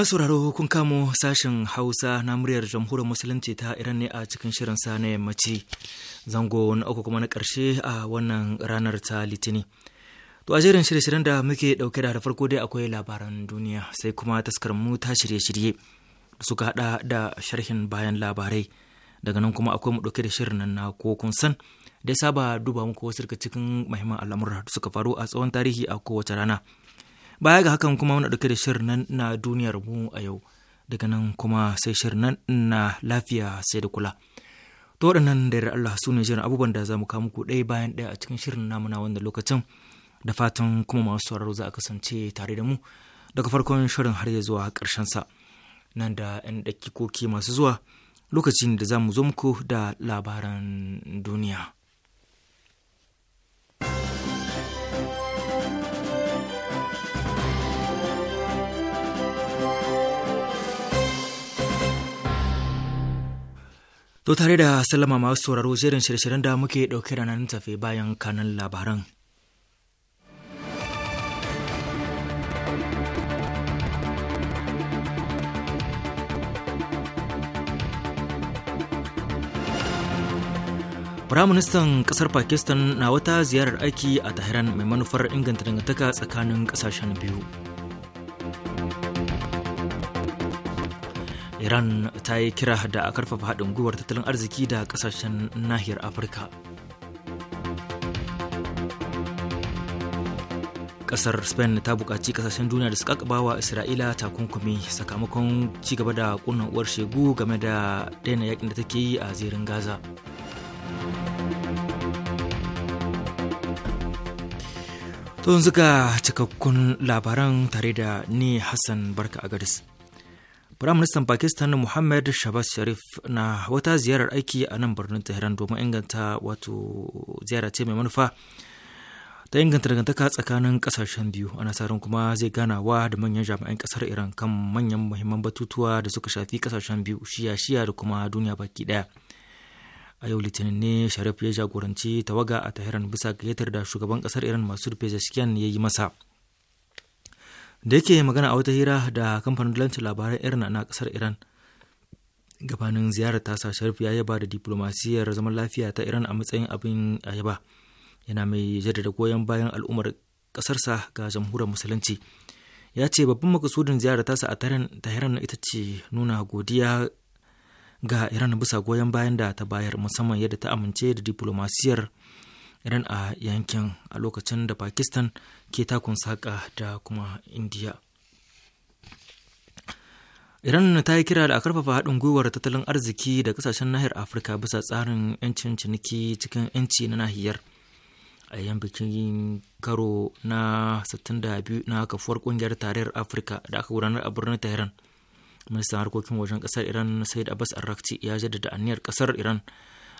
Masu sauraro kun kamo sashen Hausa na muryar jamhuriyar Musulunci ta Iran ne a cikin shirin sa na yammaci zango na uku kuma na karshe a wannan ranar ta Litini. To a jerin shirye-shiryen da muke ɗauke da farko dai akwai labaran duniya sai kuma taskar mu ta shirye-shirye da suka hada da sharhin bayan labarai daga nan kuma akwai mu dauke da shirin nan na ko kun san da saba duba muku wasu daga cikin muhimman al'amura da suka faru a tsawon tarihi a kowace rana. baya ga hakan kuma muna ɗauke da shirin nan na duniyar mu a yau daga nan kuma sai shirin nan na lafiya sai da kula to waɗannan da yarda Allah su ne jiran abubuwan da za mu kawo muku ɗaya bayan ɗaya a cikin shirin namu na wanda lokacin da fatan kuma masu sauraro za a kasance tare da mu daga farkon shirin har ya zuwa ƙarshen sa nan da 'yan ɗakikoki masu zuwa lokacin da za mu zo muku da labaran duniya. To tare da sallama masu sauraro jerin shirye-shiryen da muke ɗauke da nan tafe bayan kanan labaran. Firaministan ƙasar Pakistan na wata ziyarar aiki a tahiran mai manufar inganta dangantaka tsakanin ƙasashen biyu. iran ta yi kira da a karfafa haɗin gwiwar tattalin arziki da ƙasashen nahiyar afirka ƙasar spain ta buƙaci ƙasashen duniya da ƙaba wa isra'ila takunkumi sakamakon cigaba da ƙunan uwar shegu game da daina yakin da take yi a zirin gaza to yanzu cikakkun labaran tare da ni hassan barka a garis. Firaministan Pakistan Muhammad Shabaz Sharif na wata ziyarar aiki a nan birnin Tehran domin inganta wato ziyara ce mai manufa ta inganta dangantaka tsakanin kasashen biyu a nasarar kuma zai ganawa da manyan jami'an kasar Iran kan manyan muhimman batutuwa da suka shafi kasashen biyu shiya shiya da kuma duniya baki daya. A yau Litinin ne Sharif ya jagoranci tawaga a Tehran bisa gayyatar da shugaban kasar Iran Masud Pezeshkian ya yi masa. da yake magana a wata hira da kamfanin dalancin labaran irin na kasar iran gabanin ziyarar tasa sharif ya yaba da diplomasiyar zaman lafiya ta iran a matsayin abin a yaba yana mai jaddada goyon bayan al'ummar kasarsa ga jamhuriyar musulunci ya ce babban makasudin ziyarar tasa a tahiran ita ce nuna godiya ga iran bisa goyon bayan da ta bayar musamman yadda ta amince da diplomasiyar iran a yankin a lokacin da pakistan ke takun saƙa da kuma indiya iran ta yi kira da a karfafa haɗin gwiwar tattalin arziki da kasashen nahiyar afirka bisa tsarin 'yancin ciniki cikin 'yanci na nahiyar a yayin bikin karo na 62 na kafuwar ƙungiyar tarayyar afirka da aka gudanar a birnin tehran ministan harkokin wajen ƙasar iran sai said abbas arrakci ya jaddada aniyar ƙasar iran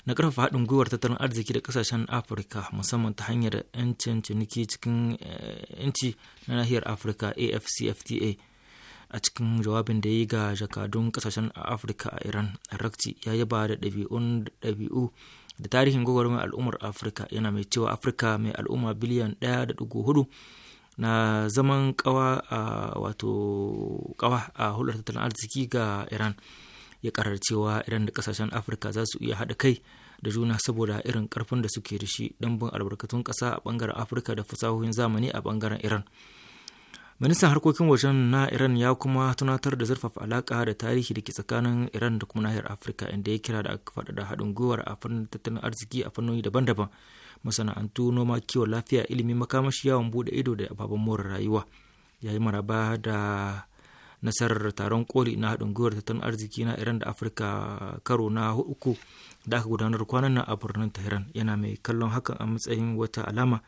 na ƙarfafa haɗin gwiwar tattalin arziki da ƙasashen afirka musamman ta hanyar 'yancin ciniki cikin eh, 'yanci na nahiyar afirka afcfta a cikin jawabin da ya yi ga jakadun ƙasashen afirka a iran rakci ya yaba da ɗabi'un ɗabi'u da tarihin gwagwarmayar al'ummar afirka yana mai cewa afirka mai al'umma biliyan 1.4 na zaman kawa a wato kawa a hular tattalin arziki ga iran ya karar cewa iran da kasashen afirka za su iya haɗa kai da juna saboda irin karfin da suke da shi don bin albarkatun ƙasa a bangaren afirka da fasahohin zamani a bangaren iran ministan harkokin wajen na iran ya kuma tunatar da zurfafa alaka da tarihi da ke tsakanin iran da kuma nahiyar afirka inda ya kira da aka faɗaɗa haɗin gwiwar a fannin tattalin arziki a fannoni daban-daban masana'antu noma kiwon lafiya ilimin makamashi yawon buɗe ido da ababen more rayuwa ya yi maraba da nasarar taron koli na haɗin gwiwar tattalin arziki na iran da afirka karo na uku da aka gudanar kwanan nan a birnin tehran yana mai kallon hakan a matsayin wata alama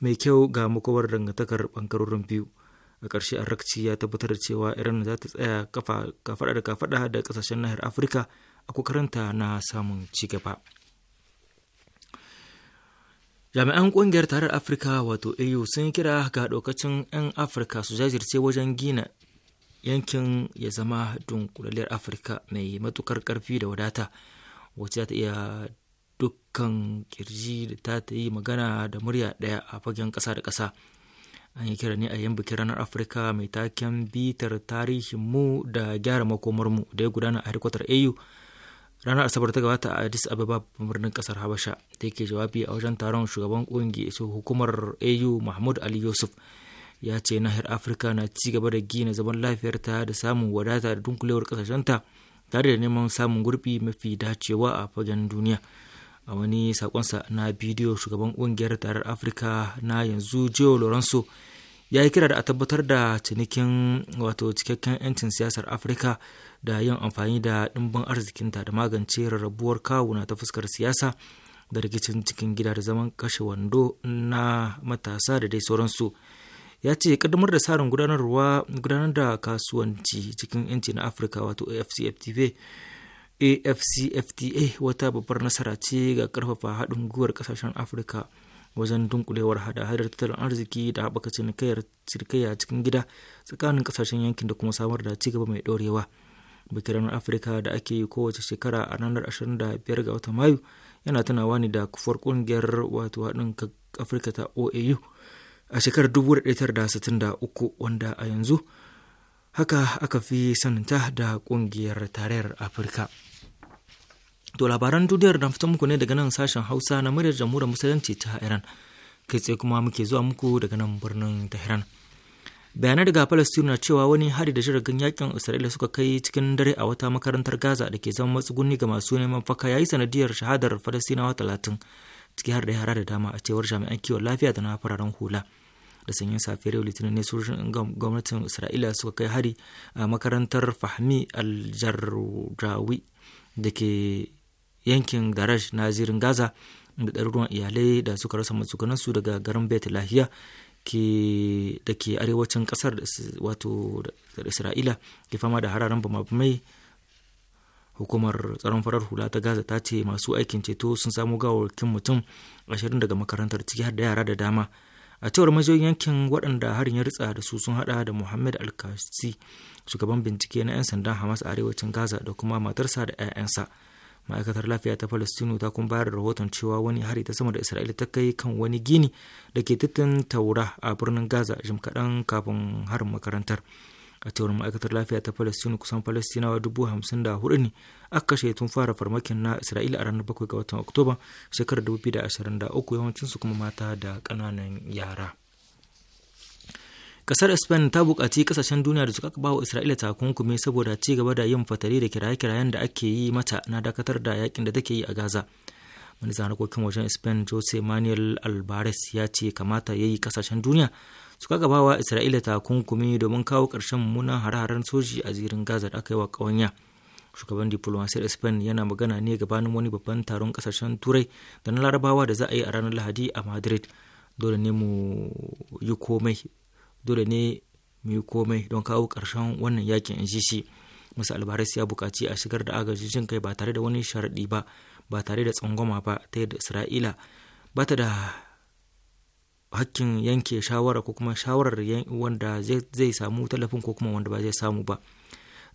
mai kyau ga makowar dangantakar bangarorin biyu a ƙarshe rakci ya tabbatar da cewa iran za ta tsaya kafaɗa da kafaɗa da ƙasashen nahiyar afirka a kokarinta na samun ci gaba. jami'an kungiyar tarar afirka wato au sun kira ga ɗaukacin 'yan afirka su jajirce wajen gina yankin ya zama dunkulaliyar afirka mai matukar karfi da wadata wacce ta iya dukkan kirji da ta ta yi magana da murya ɗaya a fagen kasa da kasa an yi kira ne a yan bikin ranar afirka mai taken bitar tarihin mu da gyara makomarmu da ya gudana a harkwatar au ranar asabar ta gabata a addis ababa birnin kasar habasha da yake jawabi a wajen taron shugaban kungiyar hukumar au mahmud ali yusuf ya ce nahiyar afirka na ci gaba da gina zaman lafiyarta da samun wadata da dunkulewar kasashenta tare da neman samun gurbi mafi dacewa a fagen duniya a wani sakonsa na bidiyo shugaban ƙungiyar tarar afirka na yanzu joe lorenzo ya yi kira da a tabbatar da cinikin wato cikakken 'yancin siyasar afirka da yin amfani da ɗimbin arzikinta da magance rarrabuwar kawuna ta fuskar siyasa da rikicin cikin gida da zaman kashe wando na matasa da dai sauransu ya ce kaddamar da tsarin gudanarwa gudanar da kasuwanci cikin yanci na afirka wato afcfta afcfta wata babbar nasara ce ga karfafa haɗin gwiwar kasashen afirka wajen dunkulewar hada-hadar tattalin arziki da haɓaka cinikayyar cinikayya cikin gida tsakanin kasashen yankin da kuma samar da cigaba mai ɗorewa bikin afirka da ake yi kowace shekara a ranar 25 ga watan mayu yana tunawa ne da kufar ƙungiyar wato haɗin afirka ta oau a shekarar uku wanda a yanzu haka aka fi saninta da ƙungiyar tarayyar afirka to labaran duniyar na fita muku ne daga nan sashen hausa na muryar jamhuriyar musulunci ta iran kai tsaye kuma muke zuwa muku daga nan birnin tehran bayanai daga palestina na cewa wani hari da jiragen yakin isra'ila suka kai cikin dare a wata makarantar gaza da ke zama matsuguni ga masu neman faka ya yi sanadiyar shahadar falastinawa talatin ciki har da yara da dama a cewar jami'an kiwon lafiya da na fararen hula da sanyin safiyar yau litinin ne sojojin gwamnatin isra'ila suka kai hari a makarantar fahmi aljarrawi da ke yankin garaj na zirin gaza da ɗaruruwan iyalai da suka rasa matsugunansu daga garin bet lahiya da ke arewacin kasar wato da isra'ila ke fama da hararen bamabamai hukumar tsaron farar hula ta gaza ta ce masu aikin ceto sun samo gawarkin mutum ashirin daga makarantar ciki har da yara da dama a cewar majiyoyin yankin waɗanda harin ya ritsa da su sun hada da muhammad alkasi shugaban bincike na 'yan sandan hamas a arewacin gaza da kuma matarsa da 'ya'yansa ma'aikatar lafiya ta palestino ta kuma bayar da rahoton cewa wani hari ta sama da isra'ila ta kai kan wani gini da ke titin taura a birnin gaza jim kaɗan kafin harin makarantar a cewar ma'aikatar lafiya ta palestino kusan palestinawa dubu hamsin da hudu ne aka kashe tun fara farmakin na isra'ila a ranar 7 ga watan oktoba shekarar 2023 yawancinsu kuma mata da ƙananan yara kasar spain ta bukaci kasashen duniya da suka ba wa isra'ila takunkumi saboda ci gaba da yin fatali da kiraye-kirayen da ake yi mata na dakatar da yakin da take yi a gaza ministan harkokin wajen spain jose manuel albares ya ce kamata ya yi kasashen duniya su kaga ba isra'ila takunkumi domin kawo ƙarshen mummunan hare-haren soji a zirin gaza da aka yi wa ƙawanya shugaban diplomasiyar spain yana magana ne gabanin wani babban taron kasashen turai da na larabawa da za a yi a ranar lahadi a madrid dole ne mu yi komai dole ne mu yi komai don kawo karshen wannan yakin in shi musa albaris ya buƙaci a shigar da agajin jin kai ba tare da wani sharaɗi ba ba tare da tsangwama ba ta yadda isra'ila ba ta da hakkin yanke shawara ko kuma shawarar wanda zai samu tallafin ko kuma wanda ba zai samu ba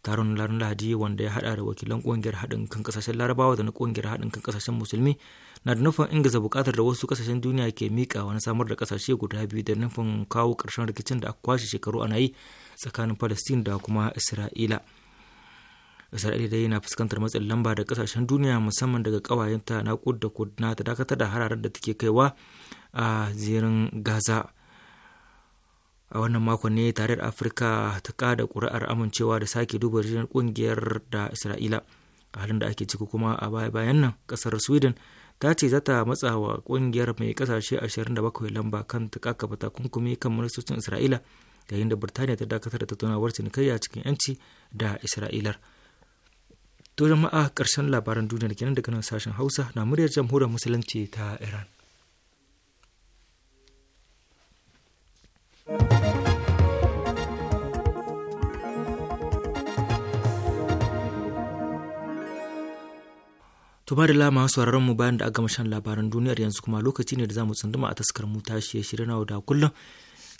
taron larin lahadi wanda ya hada da wakilan kungiyar haɗin kan kasashen larabawa da na kungiyar haɗin kan kasashen musulmi na da nufin ingiza bukatar da wasu kasashen duniya ke miƙa wani samar da kasashe guda biyu da nufin kawo ƙarshen rikicin da aka kwashe shekaru ana yi tsakanin palestine da kuma isra'ila isra'ila dai na fuskantar matsin lamba da kasashen duniya musamman daga kawayenta na kudda da kud na ta dakatar da hararar da take kaiwa a zirin gaza a wannan makon ne tarayyar afirka ta kada kuri'ar amincewa da sake duba jirgin kungiyar da isra'ila a halin da ake ciki kuma a baya bayan nan kasar sweden ta ce za ta matsa wa kungiyar mai kasashe 27 lamba kan ta kaka takunkumi kan ministocin isra'ila yayin da birtaniya ta dakatar da tattaunawar cinikayya cikin yanci da isra'ilar to jama'a karshen labaran duniya da kenan daga nan sashen hausa na muryar jamhuriyar musulunci ta iran Tuba da lama sauraron mu bayan da aka gama shan labaran duniyar yanzu kuma lokaci ne da za mu tsunduma a taskar mu tashi shirya na da kullum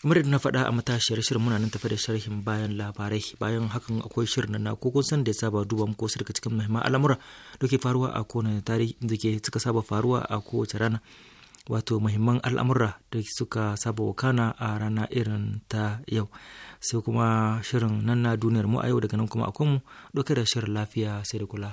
kamar da na faɗa a matashiyar shirin muna nan tafi da sharhin bayan labarai bayan hakan akwai shirin na ko kun san da ya saba duba mu ko cikin mahimman al'amura da ke faruwa a kowane tarihi da ke suka saba faruwa a kowace rana wato muhimman al'amura da suka saba wakana a rana irin ta yau sai kuma shirin nan na duniyar mu a yau daga nan kuma akwai mu ɗauke da shirin lafiya sai da kula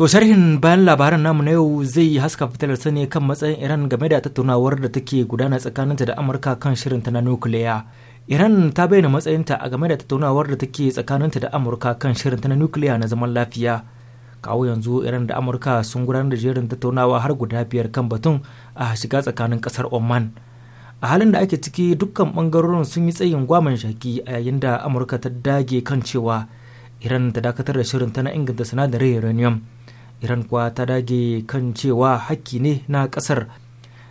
To sharhin bayan labaran namu na yau zai haska fitilar sani kan matsayin Iran game da tattaunawar da take gudana tsakaninta da Amurka kan shirin ta na nukiliya. iran ta bayyana matsayinta a game da tattaunawar da take tsakaninta da amurka kan shirinta na nukiliya na zaman lafiya kawo yanzu iran da amurka sun gudanar da jerin tattaunawa har guda biyar kan batun a shiga tsakanin kasar oman a halin da ake ciki dukkan bangarorin sun yi tsayin gwaman shaki a yayin da amurka ta dage kan cewa iran ta dakatar da shirin ta na inganta sinadarai uranium iran kuwa ta dage kan cewa hakki ne na kasar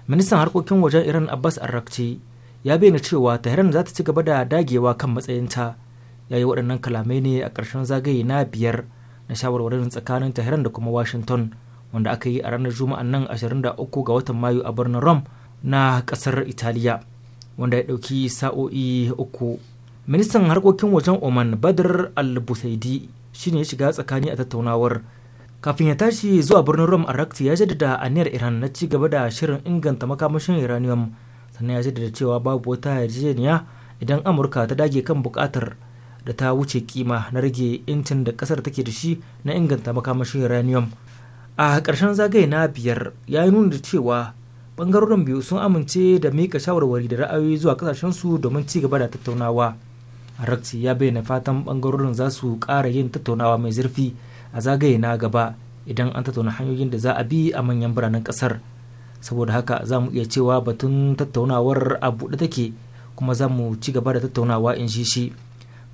ministan harkokin wajen iran abbas arrakci ya bayyana cewa tehran za ta ci gaba da dagewa kan matsayinta ya yi waɗannan kalamai ne a ƙarshen zagaye na biyar na shawarwarin tsakanin tehran da kuma washington wanda aka yi a ranar juma'an nan 23 ga watan mayu a birnin rome na ƙasar italiya wanda ya ɗauki sa'o'i uku ministan harkokin wajen oman badr al-busaidi shine ya shiga tsakani a tattaunawar kafin ya tashi zuwa birnin rome a ya jaddada aniyar iran na ci gaba da shirin inganta makamashin uranium sannan ya da cewa babu wata yarjejeniya idan amurka ta dage kan bukatar da ta wuce kima na rage incin da kasar take da shi na inganta makamashin uranium a ƙarshen zagaye na biyar ya yi nuna da cewa bangarorin biyu sun amince da mika shawarwari da ra'ayoyi zuwa su domin ci gaba da tattaunawa rakci ya bayyana fatan bangarorin za su ƙara yin tattaunawa mai zurfi a zagaye na gaba idan an tattauna hanyoyin da za a bi a manyan biranen ƙasar saboda haka za mu iya cewa batun tattaunawar a buɗe take kuma za mu ci gaba da tattaunawa in shi shi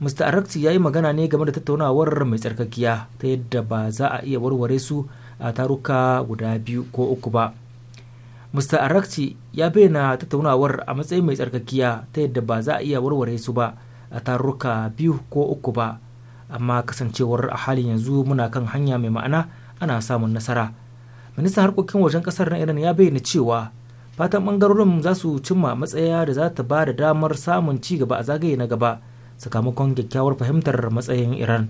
mr arakti ya yi magana ne game da tattaunawar mai tsarkakiya ta yadda ba za a iya warware su a taruka guda biyu ko uku ba mr arakti ya bayyana tattaunawar a matsayin mai tsarkakiya ta yadda ba za a iya warware su ba a taruka biyu ko uku ba amma kasancewar a halin yanzu muna kan hanya mai ma'ana ana samun nasara ministan harkokin wajen kasar na iran ya bayyana cewa fatan bangarorin za su cimma matsaya da za ta ba da damar samun ci gaba a zagaye na gaba sakamakon kyakkyawar fahimtar matsayin iran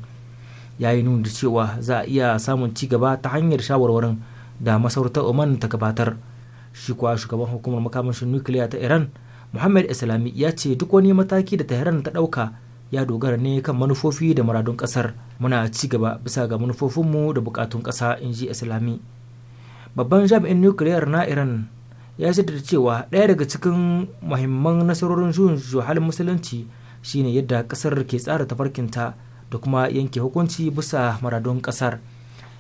ya yi nuna da cewa za a iya samun ci gaba ta hanyar shawarwarin da masarautar oman ta gabatar shi kuwa shugaban hukumar makamashin nukiliya ta iran muhammad islami ya ce duk wani mataki da tehran ta ɗauka ya dogara ne kan manufofi da muradun kasar muna ci gaba bisa ga manufofinmu da bukatun ƙasa in ji islami babban jami'in nukiliyar na iran ya da cewa ɗaya daga cikin muhimman nasarorin juyin halin musulunci shine yadda ƙasar ke tsara tafarkinta da kuma yanke hukunci bisa maradon ƙasar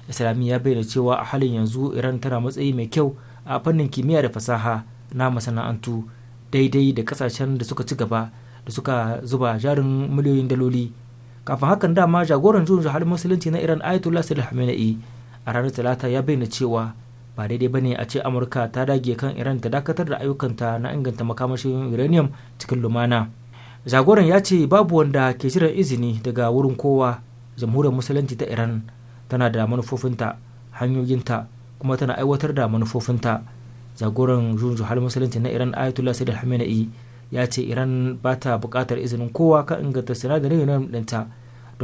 islami ya bayyana cewa a halin yanzu iran tana matsayi mai kyau a fannin kimiyya da fasaha na masana'antu daidai da kasashen da suka ci gaba da suka zuba jarin miliyoyin daloli kafin hakan dama jagoran juyin halin musulunci na iran ayatollah sadiq a ranar talata ya bayyana cewa ba daidai bane a ce amurka ta dage kan iran ta dakatar da ayyukanta na inganta makamashin uranium cikin lumana jagoran ya ce babu wanda ke jiran izini daga wurin kowa jamhuriyar musulunci ta iran tana da manufofinta hanyoyinta kuma tana aiwatar da manufofinta jagoran junju hal musulunci na iran ayatollah sayyid al-hamenei ya ce iran ba ta bukatar izinin kowa kan inganta sinadarin uranium ɗinta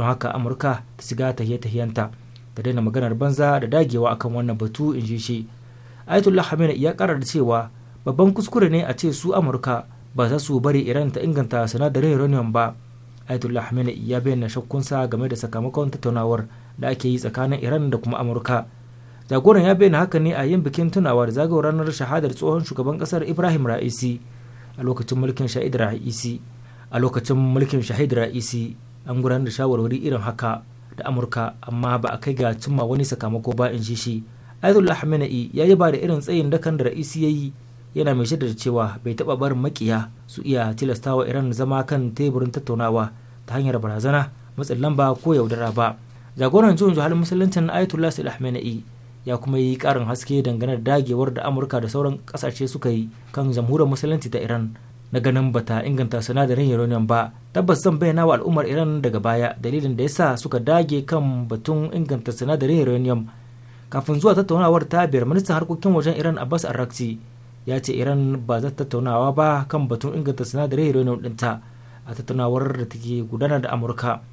don haka amurka ta shiga tahiye-tahiyenta da daina maganar banza da dagewa akan wannan batu in ji shi ayatollah khamenei ya karar da cewa babban kuskure ne a ce su amurka ba za su bari iran ta inganta sinadarin uranium ba ayatollah khamenei ya bayyana shakkunsa game da sakamakon tattaunawar da ake yi tsakanin iran da kuma amurka jagoran ya bayyana haka ne a yin bikin tunawa da zagawar ranar shahadar tsohon shugaban kasar ibrahim ra'isi a lokacin mulkin shahid ra'isi a lokacin mulkin shahid ra'isi an gudanar da shawarwari irin haka da amurka amma ba a kai ga cimma wani sakamako ba in shi shi ayatollah khamenei ya yi ba da irin tsayin dakan da ra'isi ya yi yana mai shaidar cewa bai taɓa barin makiya su iya tilastawa iran zama kan teburin tattaunawa ta hanyar barazana matsin lamba ko yaudara ba jagoran juyin jihar musuluncin ayatollah sa'id khamenei ya kuma yi karin haske dangane da dagewar da amurka da sauran kasashe suka yi kan jamhuriyar musulunci ta iran na ganin bata inganta sinadarin uranium ba tabbas zan bayyana wa al'ummar iran daga baya dalilin da yasa suka dage kan batun inganta sinadarin uranium kafin zuwa tattaunawar ta biyar ministan harkokin wajen iran abbas arrakci ya ce iran ba za tattaunawa ba kan batun inganta sinadarin uranium dinta a tattaunawar da take gudana da amurka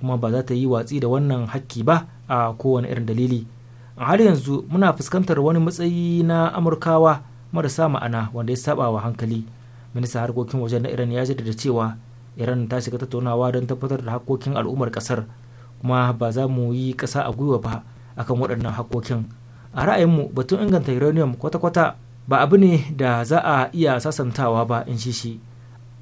kuma ba za ta yi watsi da wannan hakki ba a kowane irin dalili a har yanzu muna fuskantar wani matsayi na amurkawa marasa ma'ana wanda ya saba wa hankali minista harkokin Waje na iran ya jaddada cewa iran ta shiga tattaunawa don tabbatar da hakokin al'ummar kasar kuma ba za mu yi kasa a gwiwa ba akan waɗannan hakokin a ra'ayinmu batun inganta uranium kwata-kwata ba abu ne da za a iya sasantawa ba in shi shi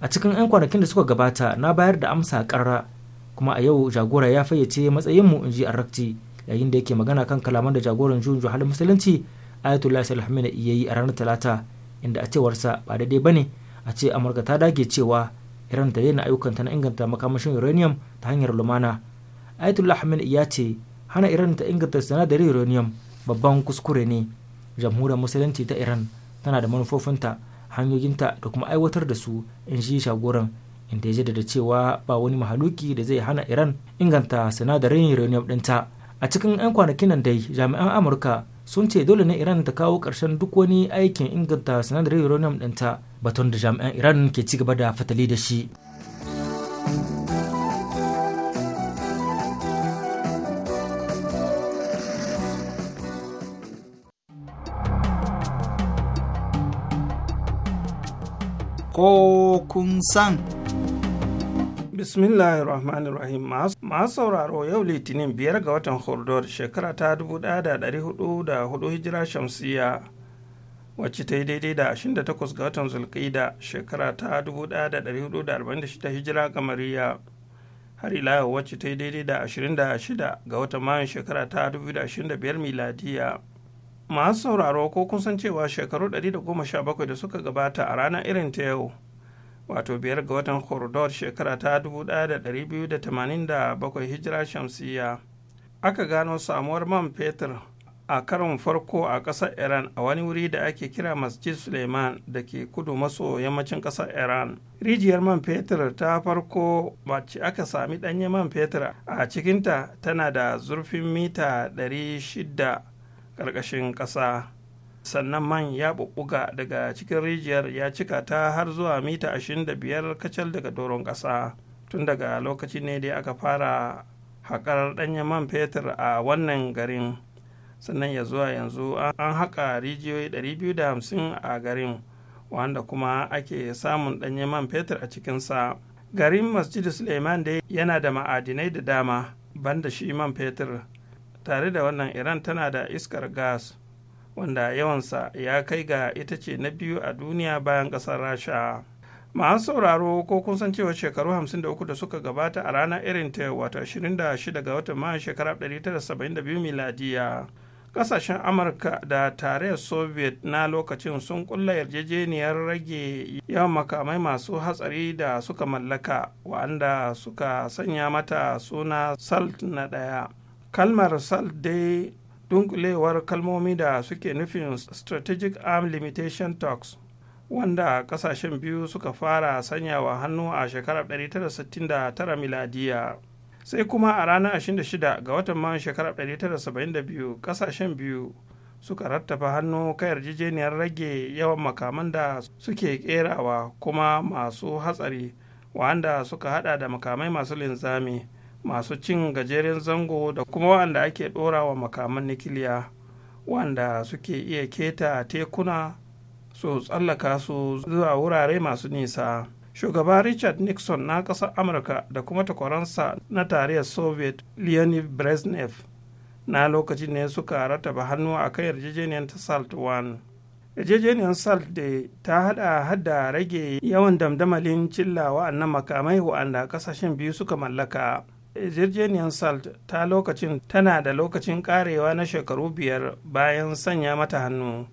a cikin 'yan kwanakin da suka gabata na bayar da amsa karra kuma a yau jagora ya fayyace matsayinmu in ji arakci yayin da yake magana kan kalaman da jagoran juyin juhalin musulunci ayatollah sai iya yi a ranar talata inda a cewarsa ba daidai ba ne a ce amurka ta dage cewa iran ta daina ayyukanta na inganta makamashin uranium ta hanyar lumana ayatollah ahmed ya ce hana iran ta inganta sinadarin uranium babban kuskure ne jamhuriyar musulunci ta iran tana da manufofinta hanyoyinta da kuma aiwatar da su in shi shagoran inda ya jaddada cewa ba wani mahaluki da zai hana iran inganta sinadarin uranium ɗinta a cikin 'yan kwanakin nan dai jami'an amurka sun ce dole ne iran ta kawo ƙarshen duk wani aikin inganta sinadarin uranium ɗinta batun da jami'an iran ke ci gaba da fatali da shi ko kun san Bismillahirrahmanirrahim. Rahmanir Rahim masu sauraro yau litinin biyar ga watan hordor shekara ta dubu da da hudu hudu hijira shamsiya wacce ta yi daidai da ashirin da takwas ga watan zulkaida shekara ta dubu da da da hudu arba'in shida hijira kamariya har ila yau wacce ta yi daidai da ashirin da shida ga watan mayun shekara ta dubu da da ashirin biyar miladiya masu sauraro ko kun san cewa shekaru da goma sha bakwai da suka gabata a ranar irin ta yau wato biyar ga watan hordor shekara ta 1287 hijira shamsiya aka gano samuwar man fetur a karon farko a ƙasar iran a wani wuri da ake kira masjid suleiman da ke kudu maso yammacin ƙasar iran rijiyar man fetur ta farko wacce aka sami ɗanye man fetur a cikinta tana da zurfin mita 600 ƙarƙashin ƙasa sannan man ya bubbuga daga cikin rijiyar ya cika ta har zuwa mita 25 kacal daga doron ƙasa tun daga lokaci ne dai aka fara haƙar ɗanyen man fetur a wannan garin sannan ya zuwa yanzu an haƙa rijiyoyi 250 a garin wanda kuma ake samun ɗanyen man fetur a cikinsa garin masjid suleiman dai yana da ma'adinai da dama banda shi man fetur tare da wannan iran tana da iskar gas wanda yawansa ya kai ga ita ce na biyu a duniya bayan ƙasar rasha masu sauraro ko kun san cewa shekaru 53 da suka gabata a ranar irin ta wato 26 ga watan mayan shekara 1972 miladiya kasashen amurka da tarayyar soviet na lokacin sun kulla yarjejeniyar rage yawan makamai masu hatsari da suka mallaka wa'anda suka sanya mata suna salt na daya kalmar salt dai dunkulewar kalmomi da suke nufin strategic arm limitation talks wanda kasashen biyu suka fara sanyawa hannu a shekarar 1969 miladiya sai kuma a ranar 26 ga watan man shekarar 1972 kasashen biyu suka rattafa hannu kan yarjejeniyar rage yawan makaman da suke kerawa kuma masu hatsari wanda suka hada da makamai masu linzami masu cin gajeren zango da kuma wanda ake ɗora wa makaman nikiliya wanda suke iya keta tekuna su tsallaka su zuwa wurare masu nisa shugaba richard nixon na ƙasar amurka da kuma takwaransa na tarayyar soviet leonid brezhnev na lokaci ne suka rataba hannu a kan yarjejeniyar ta salt 1 yarjejeniyar salt da ta hada hada rage yawan damdamalin cilla na makamai wa'anda kasashen biyu suka mallaka yarjejeniyar salt ta lokacin tana da lokacin karewa na shekaru biyar bayan sanya mata hannu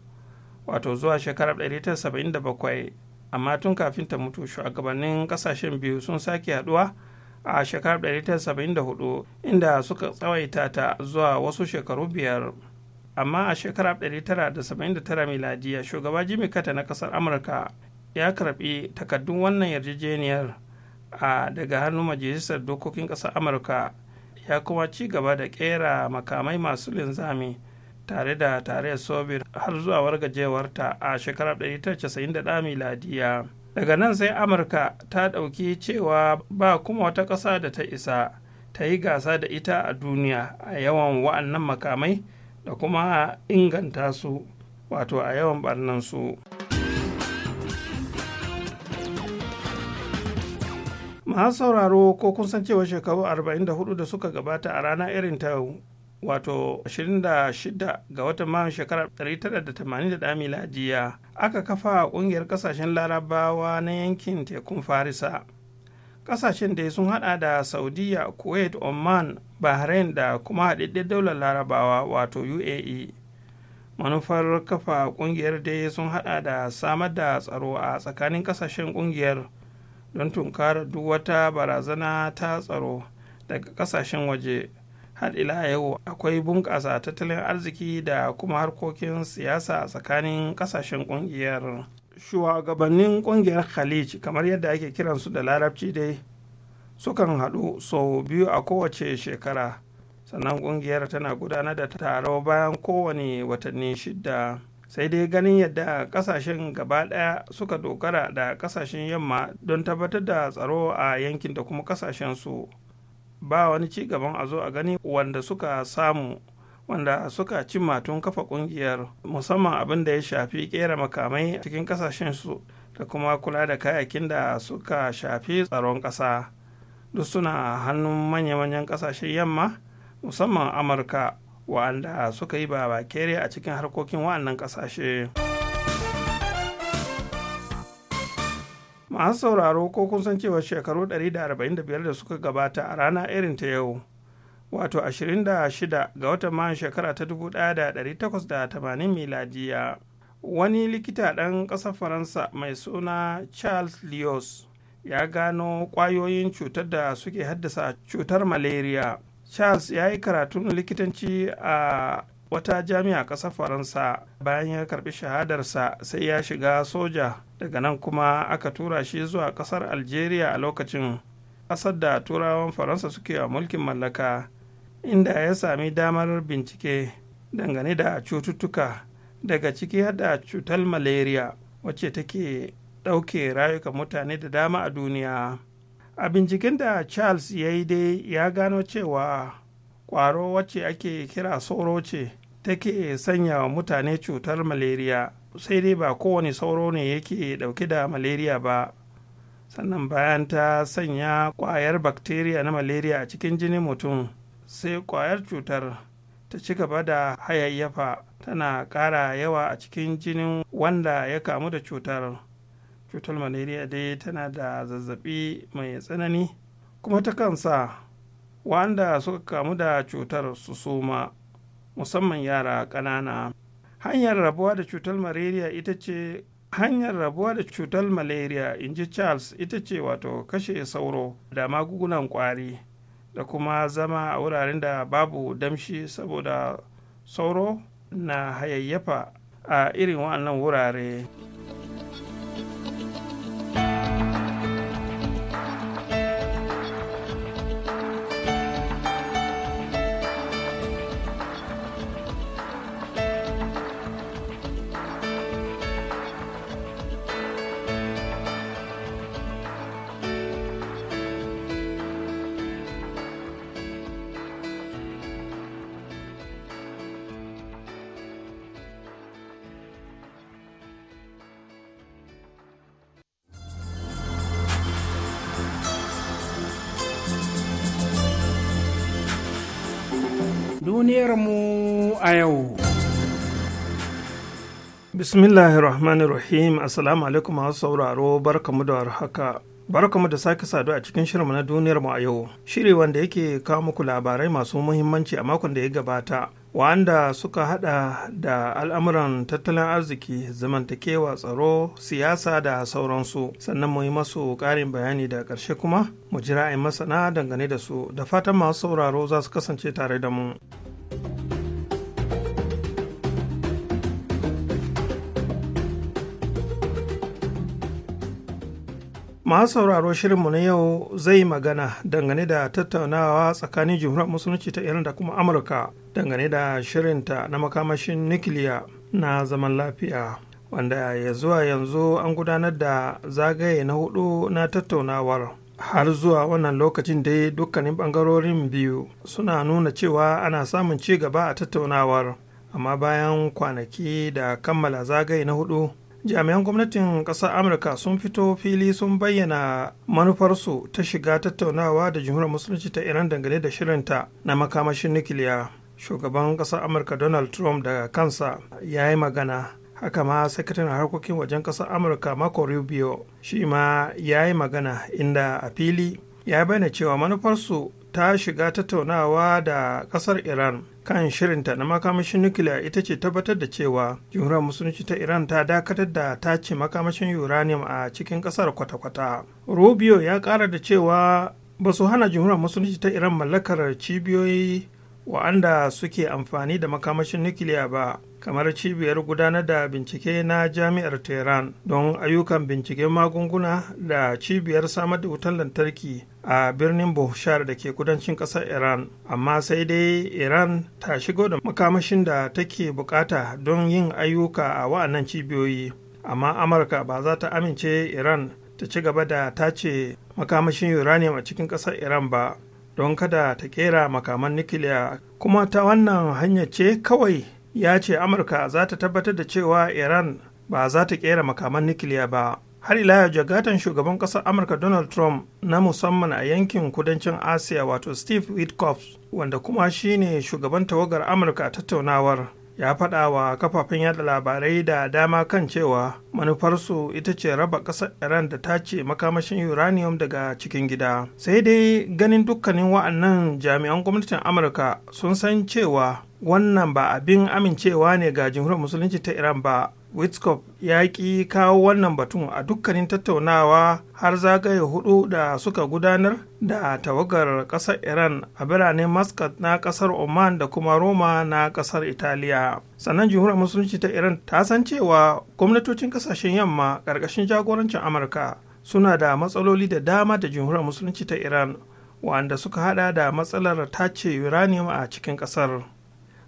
wato zuwa shekarar 1977 amma tun kafin ta mutu shugabannin kasashen biyu sun sake haduwa a shekarar 1974 inda suka tsawaita ta zuwa wasu shekaru biyar amma a shekarar 1979 miladiya shugaba jimmy carter na kasar amurka ya karbi takaddun wannan yarjejeniyar a daga hannun majalisar dokokin ƙasar amurka ya kuma ci gaba da ƙera makamai masu linzami tare da tarayyar soviet har zuwa wargajewarta a shekarar 1991 miladiya daga nan sai amurka ta ɗauki cewa ba kuma wata ƙasa da ta isa ta yi gasa da ita a duniya a yawan wa'annan makamai da kuma inganta su wato a yawan ɓarnan su. masu sauraro ko kun san cewa shekaru 44 da suka gabata a rana irin ta wato 26 ga watan mayu shekarar 1981 miladiya aka kafa kungiyar kasashen larabawa na yankin tekun farisa kasashen da sun hada da saudiya kuwait oman bahrain da kuma haɗaɗɗen daular larabawa wato uae manufar kafa kungiyar dai sun hada da samar da tsaro a tsakanin kasashen kungiyar don tunkar duk wata barazana ta tsaro daga kasashen waje har ila yau akwai bunƙasa tattalin arziki da kuma harkokin siyasa a tsakanin kasashen ƙungiyar shugabannin ƙungiyar khalij kamar yadda ake kiransu da larabci dai sukan haɗu sau biyu a kowace shekara sannan ƙungiyar tana gudanar da taro bayan kowane watanni shidda sai dai ganin yadda kasashen gaba ɗaya suka dogara da kasashen yamma don tabbatar da tsaro a yankin da kuma kasashen su ba wani ci gaban a zo a gani wanda suka samu wanda suka ci matun kafa kungiyar musamman abin da ya shafi kera makamai cikin kasashen su da kuma kula da kayakin da suka shafi tsaron ƙasa duk suna hannun manya-manyan kasashen yamma musamman amurka wa'anda suka yi ba kere a cikin harkokin wa'annan ƙasashe. masu sauraro ko kun san cewa shekaru 145 da suka gabata a rana irin ta yau wato 26 ga watan mayan shekara ta 1880 miladiya wani likita ɗan ƙasar faransa mai suna charles lios ya gano ƙwayoyin cutar da suke haddasa cutar malaria charles ya yi karatun likitanci a wata jami'a ƙasar faransa bayan ya karbi shahadarsa sai ya shiga soja daga nan kuma aka tura shi zuwa ƙasar algeria a lokacin ƙasar da turawan faransa suke a mulkin mallaka inda ya sami damar bincike dangane da cututtuka daga ciki hada cutar malaria wacce take ɗauke rayuka mutane da dama a duniya a binciken da charles ya yi dai ya gano cewa kwaro wacce ake kira sauro ce take sanya wa mutane cutar malaria sai dai ba kowane sauro ne yake ɗauke da malaria ba sannan bayan ta sanya kwayar bakteriya na malaria a cikin jinin mutum sai kwayar cutar ta ci gaba da hayayyafa tana ƙara yawa a cikin jinin wanda ya kamu da cutar cutar malaria dai tana da zazzabi mai tsanani kuma ta kansa wanda suka kamu da cutar su suma musamman yara ƙanana hanyar rabuwa da cutar malaria ita ce hanyar rabuwa da cutar malaria in ji charles ita ce wato kashe sauro da magungunan kwari da kuma zama a wuraren da babu damshi saboda sauro na hayayyafa a irin waɗannan wurare. bismillahirrahmanirrahim rahmanir rahim assalamu alaikum masu sauraro barkamu da warhaka barkamu da sake saduwa a cikin shirinmu na duniyar mu a yau shiri wanda yake kawo muku labarai masu muhimmanci a makon da ya gabata wanda suka hada da al'amuran tattalin arziki zamantakewa tsaro siyasa da sauransu sannan mu yi masu karin bayani da karshe kuma mu jira masana dangane da su da fatan masu sauraro za su kasance tare da mu. masu sauraro shirinmu na yau zai magana dangane da tattaunawa tsakanin jumhuriyar musulunci ta iran da kuma amurka dangane da shirinta na makamashin nukiliya na zaman lafiya wanda ya zuwa yanzu an gudanar da zagaye na hudu na tattaunawar har zuwa wannan lokacin dai dukkanin bangarorin biyu suna nuna cewa ana samun ci gaba a tattaunawar amma bayan kwanaki da kammala zagaye na hudu jami'an gwamnatin ƙasar amurka sun fito fili sun bayyana manufarsu ta shiga tattaunawa da jumhuriyar musulunci ta iran dangane da shirinta na makamashin nukiliya shugaban ƙasar amurka donald trump daga kansa ya yi magana haka ma sakataren harkokin wajen ƙasar amurka marco rubio shi ma ya yi magana inda a fili ya bayyana cewa manufarsu ta shiga tattaunawa da ƙasar iran kan shirinta na makamashin nukiliya ita ce tabbatar da cewa jumhuriyar musulunci ta iran ta dakatar da tace makamashin uranium a cikin kasar kwata-kwata rubio ya kara da cewa ba su hana jumhuriyar musulunci ta iran mallakar cibiyoyi wa'anda suke amfani da makamashin nukiliya ba kamar cibiyar gudanar da bincike na jami'ar tehran don ayyukan binciken magunguna da cibiyar samar da wutar lantarki a birnin bohushar da ke kudancin ƙasar iran amma sai dai iran ta shigo da makamashin da take bukata don yin ayyuka a wa'annan cibiyoyi amma amurka ba za ta amince iran ta ci gaba da tace makamashin uranium a cikin ƙasar iran ba don kada ta kera makaman nukiliya kuma ta wannan hanya ce kawai ya ce amurka za ta tabbatar da cewa iran ba za ta kera makaman nukiliya ba har ila yau jagatan shugaban kasar amurka donald trump na musamman a yankin kudancin asiya wato steve witkoff wanda kuma shine shugaban tawagar amurka a tattaunawar ya faɗa wa kafafen yada labarai da dama kan cewa manufarsu ita ce raba ƙasar iran da ta ce makamashin uranium daga cikin gida sai dai ganin dukkanin wa'annan jami'an gwamnatin amurka sun san cewa wannan ba abin amincewa ne ga jamhuriyar musulunci ta iran ba witskop ya ƙi kawo wannan batun a dukkanin tattaunawa har zagaye hudu da suka gudanar da tawagar ƙasar iran a biranen muscat na ƙasar oman da kuma roma na ƙasar italiya sannan jamhuriyar musulunci ta iran ta san cewa gwamnatocin ƙasashen yamma ƙarƙashin jagorancin amurka suna da matsaloli da dama da jamhuriyar musulunci ta iran wanda suka hada da matsalar tace uranium a cikin ƙasar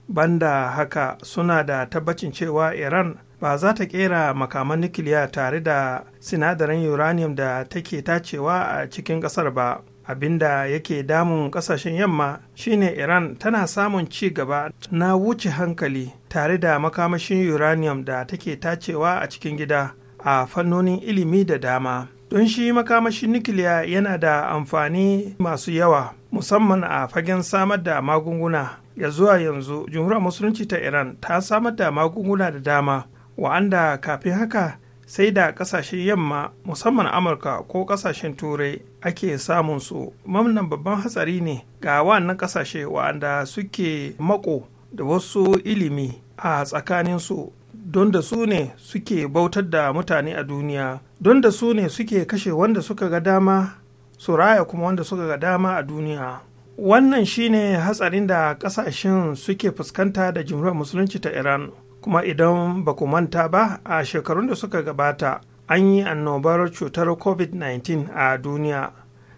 banda haka suna da tabbacin cewa iran ba za ta kera makaman nukiliya tare da sinadarin uranium da take tacewa a cikin kasar ba abinda yake damun kasashen yamma shine iran tana samun ci gaba na wuce hankali tare da makamashin uranium da take tacewa a cikin gida a fannonin ilimi da dama don shi makamashin nukiliya yana da amfani masu yawa musamman a fagen samar da magunguna ya zuwa yanzu jumhuriyar musulunci ta iran ta samar da magunguna da dama wa'anda kafin haka sai da kasashen yamma musamman amurka ko kasashen turai ake samun su mamnan babban hatsari ne ga wannan kasashe wa'anda suke mako da wasu ilimi a tsakaninsu don da su ne suke bautar da mutane a duniya don da su ne suke kashe wanda suka ga dama su raya kuma wanda suka ga dama a duniya wannan shine hatsarin da kasashen suke fuskanta da jimuriyar musulunci ta iran kuma idan ba ku manta ba a shekarun da suka gabata an yi annobar cutar covid-19 a duniya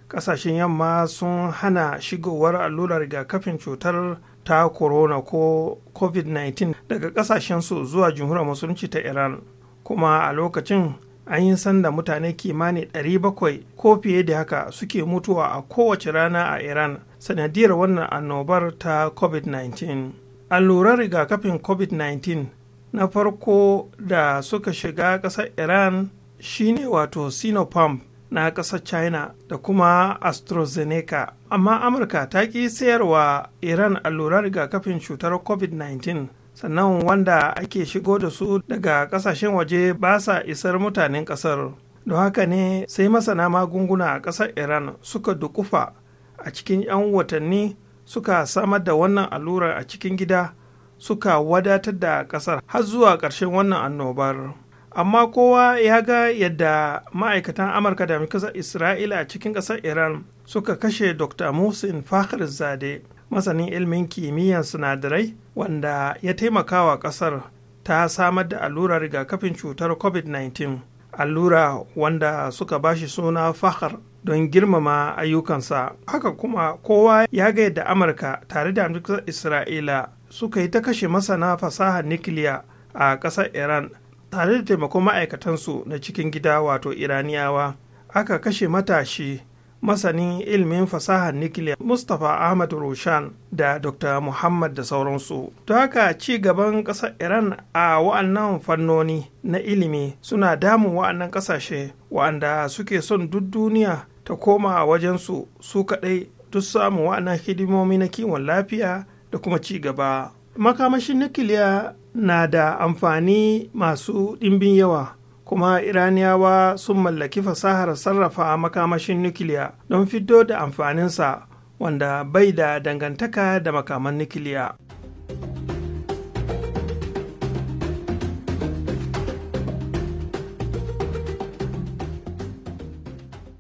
kasashen yamma sun hana shigowar allurar rigakafin cutar ta corona ko covid-19 daga kasashensu zuwa jimuriyar musulunci ta iran kuma a lokacin an yi san da mutane kimanin 700 ko fiye da haka suke mutuwa a kowace rana a iran sanadiyar wannan annobar ta covid-19 allurar rigakafin covid-19 na farko da suka shiga ƙasar iran shine wato sinopharm na ƙasar china da kuma astrazeneca amma amurka ta ƙi sayarwa iran allurar rigakafin cutar covid-19 sannan wanda ake shigo da su daga kasashen waje ba sa isar mutanen kasar don haka ne sai masana magunguna a kasar iran suka dukufa a cikin 'yan watanni suka samar da wannan allurar a cikin gida suka wadatar da kasar har zuwa ƙarshen wannan annobar amma kowa ya ga yadda ma'aikatan amurka da kasar isra'ila a cikin kasar iran suka kashe dr musin fakhrizadeh masanin ilmin kimiyyar sinadarai wanda ya taimaka wa ƙasar ta samar da allurar rigakafin cutar covid-19 allura wanda suka bashi suna fahar don girmama ayyukansa haka kuma kowa ya ga yadda amurka tare da amurkar isra'ila suka yi ta kashe masana fasahar nikiliya a ƙasar iran tare da taimakon ma'aikatansu na cikin gida wato iraniyawa aka kashe matashi masanin ilimin fasahar nikiliya mustapha ahmad roshan da dr muhammad da sauransu to haka ci gaban ƙasar iran a wa'annan fannoni na ilimi suna damun wa'annan ƙasashe wa'anda suke son duk duniya ta koma wajensu su kaɗai duk samun wa'annan hidimomi na kiwon lafiya da kuma ci gaba. Makamashin nukiliya na da amfani masu ɗimbin yawa kuma iraniyawa sun mallaki fasahar sarrafa makamashin nukiliya don fito da amfaninsa wanda bai da dangantaka da makaman nukiliya.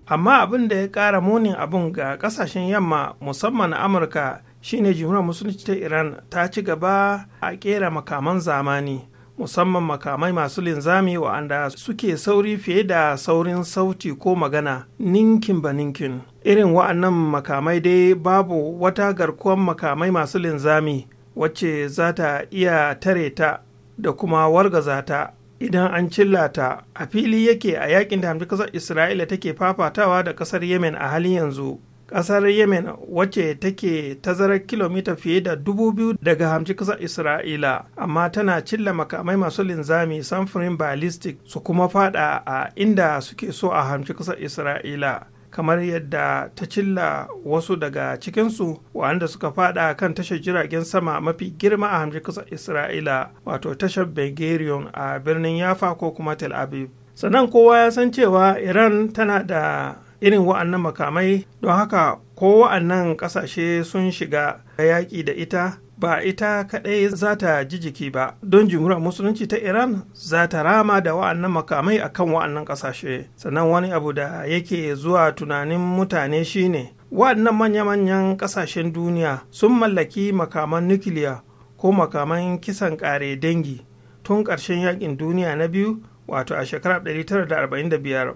amma abin da ya kara munin abun ga kasashen yamma musamman amurka shine jimhuriyar musulunci ta iran ta ci gaba a kera makaman zamani musamman makamai masu linzami wa'anda suke sauri fiye da saurin sauti ko magana ninkin ba ninkin irin wa'annan makamai dai babu wata garkuwar makamai masu linzami wacce za ta iya tare ta da kuma wargaza ta idan an cillata a fili yake a yakin da hamdu kasar isra'ila take fafatawa da kasar yemen a halin yanzu ƙasar yemen wacce take tazarar kilomita fiye da dubu biyu daga hamci ƙasar isra'ila amma tana cilla makamai masu linzami samfurin ballistic su kuma fada a inda suke so a hamci ƙasar isra'ila kamar yadda ta cilla wasu daga cikinsu waɗanda suka fada kan tashar jiragen sama mafi girma a hamji kasar isra'ila wato tashar bengeriyon a birnin yafa ko kuma tel aviv sannan kowa ya san cewa iran tana da irin wa'annan makamai don haka ko wa'annan ƙasashe sun shiga yaƙi da ita ba ita kaɗai za ta ji jiki ba don jimura musulunci ta iran za ta rama da wa'annan makamai a kan wa'annan ƙasashe sannan wani abu da yake zuwa tunanin mutane shine wa'annan manya-manyan ƙasashen duniya sun mallaki makaman nukiliya ko makaman kisan ƙare dangi tun ƙarshen yaƙin duniya na biyu wato a shekarar 1945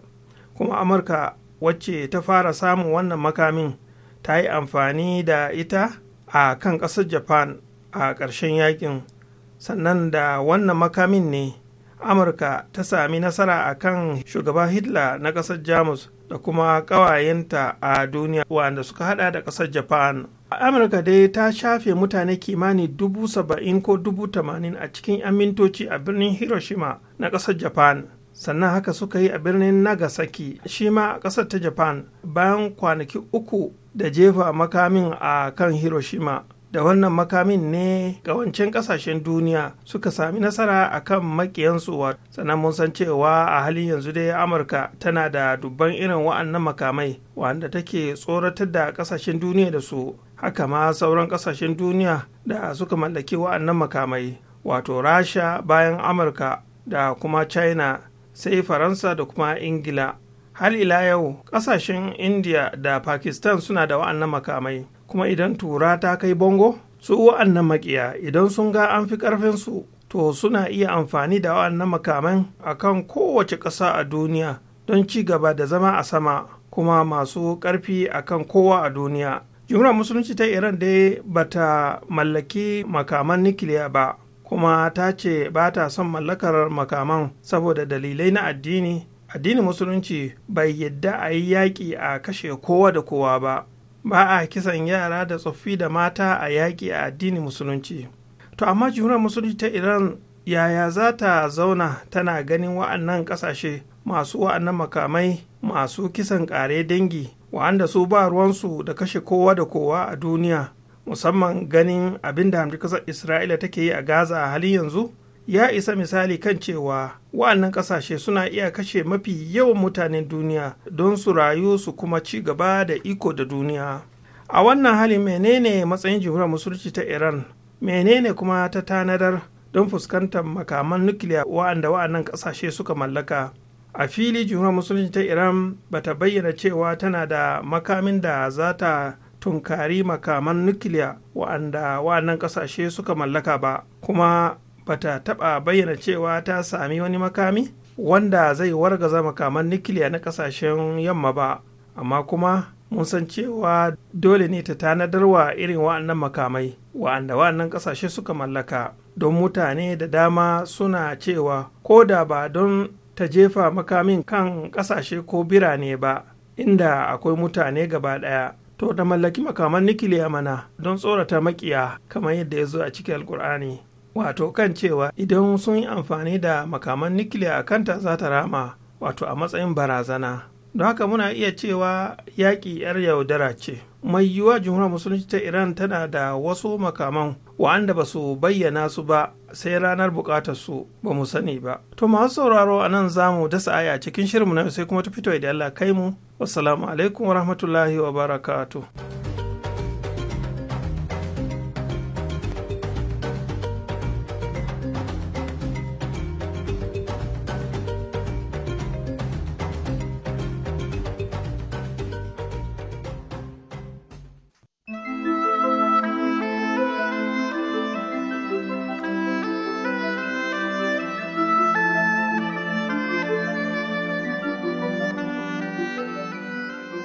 kuma amurka wacce ta fara samun wannan makamin ta yi amfani da ita a kan ƙasar japan a ƙarshen yakin sannan da wannan makamin ne amurka ta sami nasara a kan shugaba hitler na ƙasar jamus da kuma ƙawayenta a duniya wanda suka hada da ƙasar japan amurka dai ta shafe mutane kimanin dubu saba'in ko dubu tamanin a cikin amintoci a birnin hiroshima na ƙasar japan sannan haka suka yi a birnin nagasaki shi ma a ƙasar ta japan bayan kwanaki uku da jefa makamin a kan hiroshima da wannan makamin ne ƙawancin ƙasashen duniya suka sami nasara a kan maƙiyansu sannan mun san cewa a halin yanzu dai amurka tana da dubban irin wa'annan makamai wanda take tsoratar da ƙasashen duniya da su haka ma sauran ƙasashen duniya da suka mallaki wa'annan makamai wato rasha bayan amurka da kuma china sai faransa da kuma ingila hal ila yau kasashen india da pakistan suna da wa'annan makamai kuma idan tura ta kai bongo su wa'annan makiya idan sun ga an fi su to suna iya amfani da wa'annan makaman akan kowace ƙasa a duniya don ci gaba da zama a sama kuma masu ƙarfi akan kowa a duniya jumhuriyar musulunci ta iran dai bata mallaki makaman nikiliya ba kuma ta ce ba ta son mallakar makaman saboda dalilai na addini addinin musulunci bai yadda a yi yaƙi a kashe kowa da kowa ba ba a kisan yara da tsoffi da mata a yaƙi a addinin musulunci to amma jihunar musulunci ta iran yaya za ta zauna tana ganin wa'annan ƙasashe masu wa'annan makamai masu kisan ƙare dangi wa'anda su ba ruwansu da kashe kowa da kowa a duniya musamman ganin abin da kasar isra'ila take yi a gaza a halin yanzu ya isa misali kan cewa wa'annan kasashe suna iya kashe mafi yawan mutanen duniya don su rayu su kuma ci gaba da iko da duniya a wannan hali menene matsayin jihuwar Musulci ta iran menene kuma ta tanadar don fuskantar makaman nukiliya wa'anda wa'annan kasashe suka mallaka a fili jihuwar Musulci ta iran bata bayyana cewa tana da makamin da za ta tunkari makaman nukiliya wa'anda wa'annan ƙasashe suka mallaka ba kuma bata taɓa bayyana cewa ta sami wani makami wanda zai wargaza makaman nukiliya na ƙasashen yamma ba amma kuma mun san cewa dole ne ta tanadar wa irin wa'annan makamai wa'anda wa'annan ƙasashe suka mallaka don mutane da dama suna cewa ko da ba don ta jefa makamin kan ƙasashe ko birane ba inda akwai mutane gaba ɗaya to da mallaki makaman nikiliya mana don tsorata makiya kamar yadda ya zo a cikin alkur'ani wato kan cewa idan sun yi amfani da makaman nikiliya a kanta za ta rama wato a matsayin barazana don haka muna iya cewa yaƙi 'yar yaudara ce mai yiwuwa jumhuriyar musulunci ta iran tana da wasu makaman wa'anda ba su bayyana su ba sai ranar bukatar su ba mu sani ba to masu sauraro a nan zamu mu dasa aya cikin shirinmu na sai kuma ta fito da Allah kai mu wassalamu alaikum warahmatullahi wabarakatuh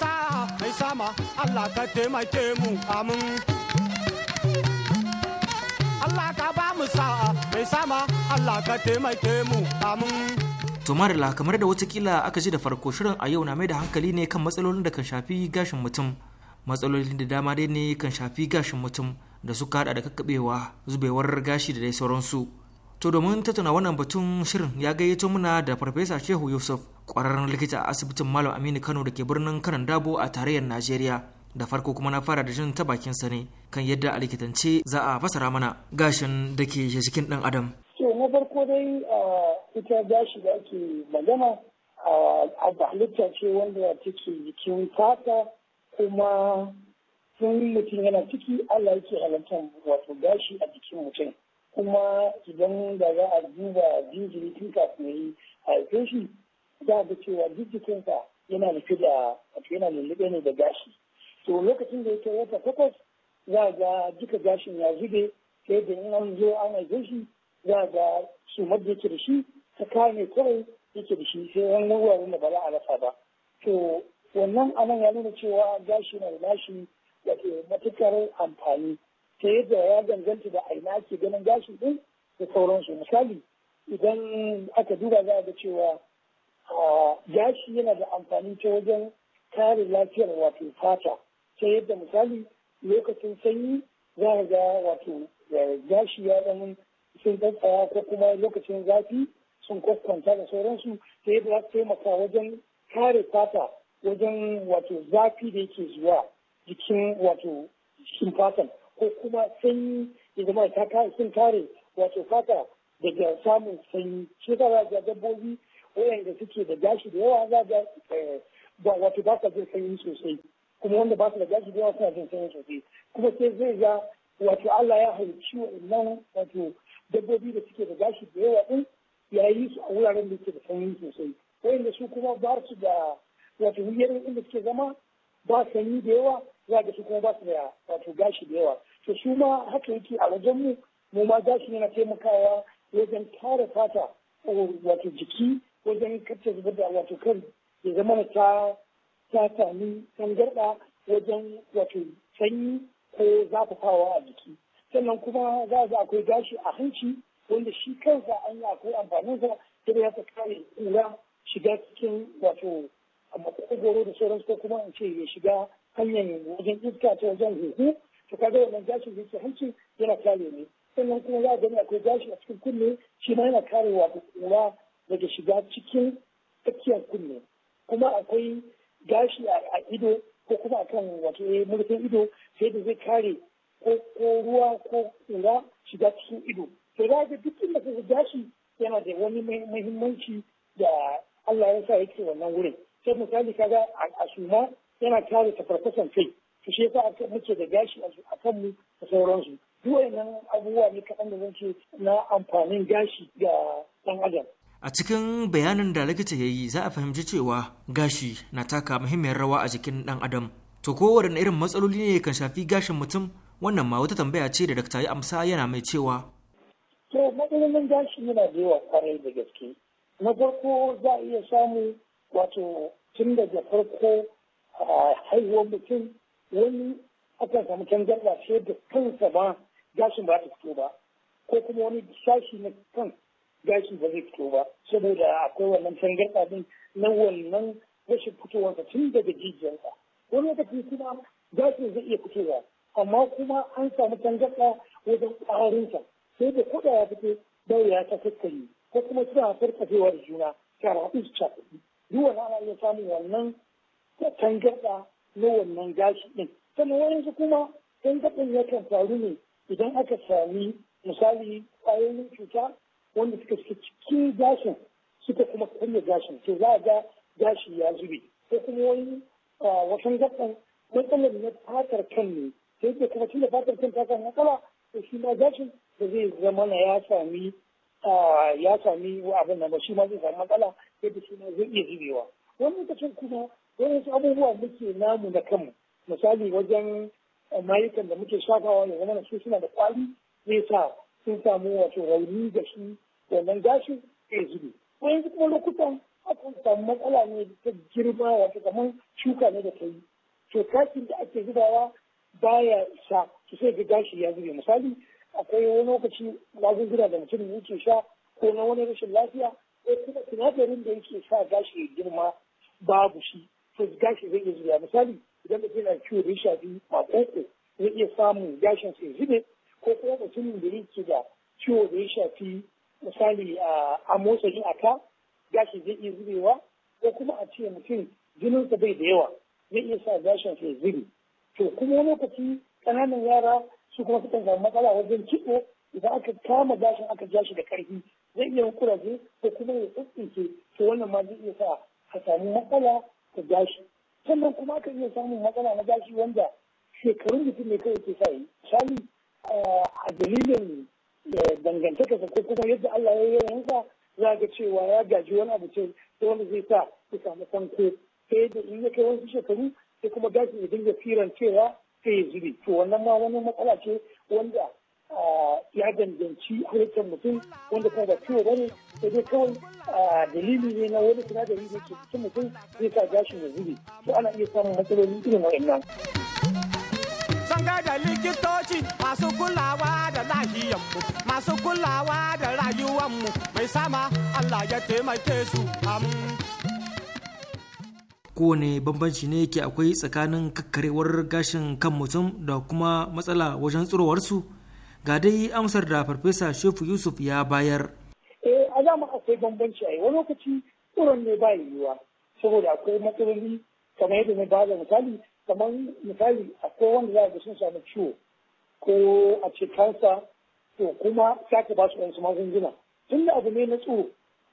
sa mai sama Allah ka taimake mu amin Allah ka ba mu sa'a mai sama Allah ka taimake mu amin to marila kamar da watakila aka ji da farko shirin a yau na mai da hankali ne kan matsalolin da kan shafi gashin mutum matsalolin da dama dai ne kan shafi gashin mutum da suka hada da kakkabewa zubewar gashi da dai sauransu To domin tattauna wannan batun shirin ya gayyato muna da Farfesa Shehu Yusuf ƙwararren likita a asibitin Malam Aminu Kano da ke birnin Kanan Dabo a tarayyar Najeriya. Da farko kuma na fara da jin ta bakin sa ne kan yadda a likitance za a fasara mana gashin da ke jikin ɗan adam. To na farko dai ita gashi da ake magana a halitta ce wanda take jikin fata kuma tun mutum yana ciki Allah yake halittar wato gashi a jikin mutum. kuma idan da za a duba jinjiri tun kafin yi shi za a ga cewa jikinsa yana rufe da yana lullube ne da gashi to lokacin da yake wata takwas za a ga duka gashin ya zube sai da in an zo an haife shi za a ga su da yake da shi ta kame kawai yake da shi sai wani wuraren da ba za a rasa ba to wannan anan ya nuna cewa gashi na da gashi da ke matukar amfani ta yadda ya danganta da aina ake ganin gashi ɗin da sauransu misali idan aka duba za a ga cewa gashi yana da amfani ta wajen kare lafiyar wato fata ta yadda misali lokacin sanyi za a ga wato gashi ya ɗan sun tsaya ko kuma lokacin zafi sun kwakwanta da sauransu ta yadda za su taimaka wajen kare fata wajen wato zafi da yake zuwa jikin wato jikin fatan ko kuma sanyi ya zama ta sun kare wato fata daga samun sanyi shi ta za dabbobi wayanda suke da gashi da yawa za ga eh, ba wato ba sa jin sanyi sosai kuma wanda ba su da gashi da yawa suna jin sanyi sosai kuma sai zai ga wato Allah ya halicci wannan wato dabbobi da suke da gashi da yawa din ya yi su a wuraren da suke da sanyi sosai wayanda su kuma ba su da wato wuyarin inda suke zama ba sanyi da yawa za ga su kuma ba su da wato gashi da yawa to su ma haka yake a wajen mu mu ma gashi yana taimakawa wajen tara fata wato jiki wajen kacce zubar da wato kan ya zama ta ta sami tangarɗa wajen wato sanyi ko zafafawa a jiki sannan kuma za a akwai gashi a hanci wanda shi kansa an yi akwai amfaninsa ta da ya ta kare kura shiga cikin wato makogoro da sauransu ko kuma in ce ya shiga hanyar wajen iska ta wajen huhu to kaga wannan gashin hanci yana kare ne sannan kuma za gani akwai gashi a cikin kunne shi ma yana kare wa daga shiga cikin tsakiyar kunne kuma akwai gashi a ido ko kuma akan wato eh, murfin ido sai da zai kare ko ruwa ko kura shiga cikin ido to za ga duk inda gashi yana da wani muhimmanci da Allah ya sa yake wannan wurin sai misali kaga a suma yana kare tafarkasan kai su shi yasa aka muke da gashi a mu da sauransu duk wayannan abubuwa ne kaɗan da zan ce na amfanin gashi ga ɗan adam a cikin bayanin da likita ya yi za a fahimci cewa gashi na taka muhimmiyar rawa a jikin ɗan adam to kowane irin matsaloli ne kan shafi gashin mutum wannan ma wata tambaya ce da dakta ya amsa yana mai cewa to matsalolin gashi yana da yawa kwarai da gaske na farko za a iya samu wato tun daga farko a haihuwar mutum wani akan samu canjar sai da kansa ba gashin ba ta fito ba ko kuma wani sashi na kan gashi ba zai fito ba saboda akwai wannan canjar din na wannan rashin fitowar ka tun daga jijiyarsa wani lokaci kuma gashin zai iya fitowa amma kuma an samu tangarɗa wajen ƙwarinsa sai da kuɗa ya fito dawo ya ta kakkari ko kuma suna farfasewar juna tara haɗu su cakuɗi duk wani ana iya samun wannan tangarɗa na wannan gashi din. sannan wayansu kuma tangaɗin yakan faru ne idan aka sami misali ƙwayoyin cuta wanda suka suke cikin gashin suka kuma karya gashin to za a ga gashi ya zube ko kuma wani wasan gaɓan matsalar na fatar kan ne sai da kuma tunda fatar kan ta kan matsala to shi ma gashin da zai zama na ya sami ya sami abin nan ba shi ma zai sami matsala yadda shi ma zai iya zubewa wani lokacin kuma wasu abubuwa muke namu na kanmu misali wajen eh, mayukan da muke shafawa ya zama su suna da kwali ne sa sun samu wato rauni da shi wannan gashi ya zube ko yanzu kuma lokutan akan samu matsala ne ta girma wato kamar shuka ne da ta yi to kafin da ake zubawa baya sa su sai ga gashi ya zube misali akwai wani lokaci magunguna da mutum ke sha ko na wani rashin lafiya ko kuma sinadarin da yake sa gashi ya girma babu shi sai gashi zai iya zuwa misali idan mutum yana ciwo da ya shafi makoko zai iya samun gashin sai zube ko kuma mutumin da yake da ciwo da ya shafi misali a motsa ni a ka gashi zai iya zubewa ko kuma a ce mutum jininsa bai da yawa zai iya sa gashin sai zube to kuma wani lokaci ƙananan yara su kuma sukan samu matsala wajen kitso idan aka kama gashin aka ja shi da ƙarfi zai iya kuraje ko kuma ya tsintsince to wannan ma zai iya sa a samu matsala ta gashi sannan kuma ka iya samun matsala na gashi wanda shekarun mutum ne kawai ke sa yi eh, a dalilin eh, dangantaka ko kuma yadda Allah ya yi yanka za ga cewa ya gaji wani abu ce wani zai sa ya samu sanko sai yadda in ya kai wasu shekaru sai kuma gashi ya dinga firan cewa sai ya zube to wannan ma wani matsala ce wanda ya danganci halittar mutum wanda kuma ba ciwo ba ne sai dai kawai dalili ne na wani sinadari da ke cikin mutum zai sa gashin ya zube to ana iya samun matsaloli irin wa'annan. Sun da likitoci masu kulawa da lahiyanmu masu kulawa da rayuwanmu mai sama Allah ya taimake su kowane bambanci ne ke akwai tsakanin kakkarewar gashin kan mutum da kuma matsala wajen tsirowarsu? su ga dai amsar da farfesa shefu yusuf ya bayar eh a dama akwai bambanci a yi wani lokaci tsoron ne ba yiwuwa saboda akwai matsaloli kamar yadda na bada misali kamar misali akwai wanda za a sun samu ciwo ko a ce kansa to kuma sake ba su wasu magunguna tun da abu ne na tsoro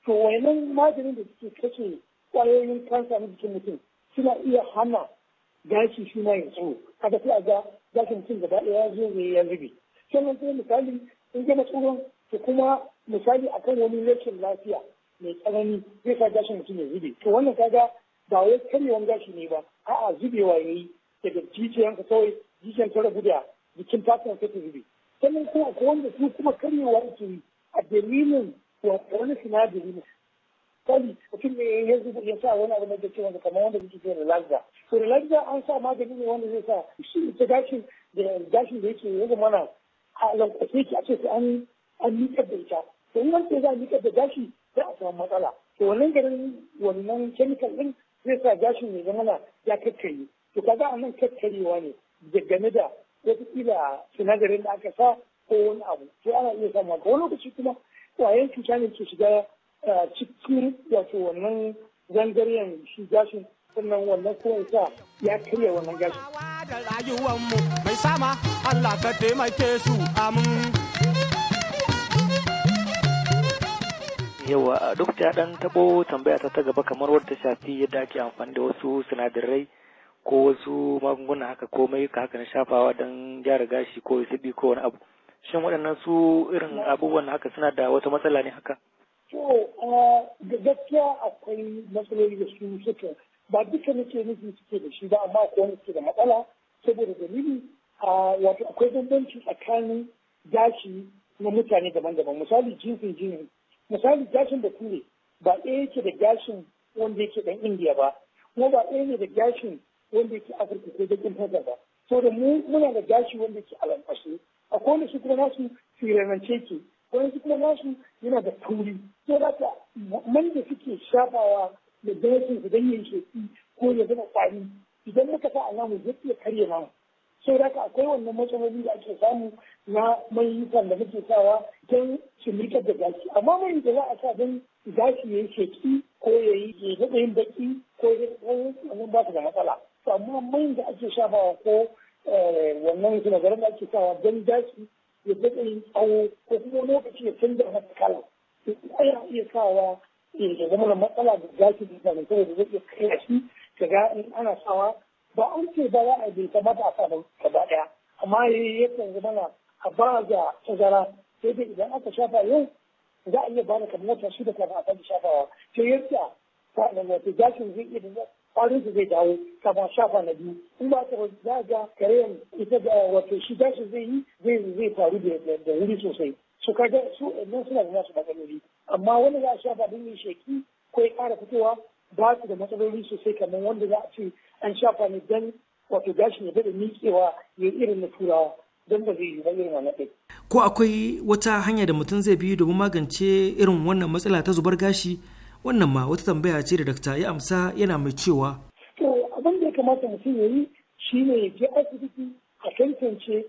to wayannan maganin da suke kashe kwayoyin kansa na jikin mutum suna iya hana gashi shi ma ya tsoro kada sai a ga gashin mutum gaba ɗaya ya zo ya zube sannan kuma misali in gama tsoron to kuma misali akan wani rashin lafiya mai tsanani zai sa gashin mutum ya zube to wannan kaga ba wai karyewan gashi ne ba a'a zubewa ya yi daga ka kawai jijiyan ta rabu da jikin fatan sai ta zube sannan kuma ko wanda su kuma karyewa ke yi a dalilin wani sinadari kali mutum ne ya zuba ya sa wani abu na da cewa kamar wanda muke ce lalza. to lalza an sa magani ne wanda zai sa shi ta gashin da gashin da yake yanzu mana a lankwashe ki a ce sai an an da ita to in wanda za a da gashi za a samu matsala to wannan garin wannan chemical din zai sa gashin ya zama ya tattare to kaga a nan tattarewa ne game da wataƙila sinadarin da aka sa ko wani abu to ana iya samu ga wani lokaci kuma ƙwayan cuta ne ke shiga eh, cikin wato wannan zangaren shi gashin sannan wannan kuwan sa ya karya wannan gashi. da rayuwanmu mai sama Allah ka taimake su amin. yawa duk ta dan tabo tambaya ta ta gaba kamar wadda shafi yadda ake amfani da wasu sinadarai ko wasu magunguna haka ko ka haka na shafawa don gyara gashi ko sibi ko wani abu shin waɗannan su irin abubuwan haka suna da wata matsala ne haka to da gaskiya akwai matsaloli da su suka ba duka nake nufin suke da shi ba amma ko wani suke da matsala saboda dalili a wato akwai bambanci tsakanin gashi na mutane daban-daban misali jinsin jini misali gashin da kure ba ɗaya yake da gashin wanda yake ɗan indiya ba kuma ba ɗaya ne da gashin wanda yake afirka ko bakin fata ba so da mu muna da gashi wanda yake alamfashe a wanda su kuma nasu firanance ke wani su kuma nasu yana da tauri saboda man da suke shafawa da gashin su don yin ko ya zama tsari idan muka sa alamu zai iya karye namu sai da ka akwai wannan matsaloli da ake samu na mayukan da muke sawa don shimrikar da gashi amma mai da za a sa don gashi ya yi sheki ko ya yi ya yin baki ko ya wannan ba su da matsala to amma mai da ake shafawa ko eh, wannan sinadaran da ake sawa don gashi ya daɗa tsawo ko kuma lokaci ya canza masa kala ana iya sawa ya zama matsala da zaki da mutane saboda zai iya kai shi ka ga in ana sawa ba an ce ba za a bai kamata a sa gaba daya amma yakan zama na a ba da tazara sai dai idan aka shafa yau za a iya ba da kamar wata shida kafin a sake shafawa sai yadda sa'an wato gashin zai iya da kwarin su zai dawo kafin shafa na biyu in ba ta za ga karen ita da wato shi gashin zai yi zai faru da wuri sosai su kaga su nan suna da nasu matsaloli amma wani za a shafa don yin sheki ko ya ƙara fitowa ba su da matsaloli sosai kamar wanda za a ce an shafa ne don wato gashin ya daɗa miƙewa ya irin na turawa don ba zai yi ba irin wannan ɗin. Ko akwai wata hanya da mutum zai bi domin magance irin wannan matsala ta zubar gashi wannan ma wata tambaya ce da dakta ya amsa yana mai cewa. To abin da ya kamata mutum ya yi shi ne ya je asibiti a tantance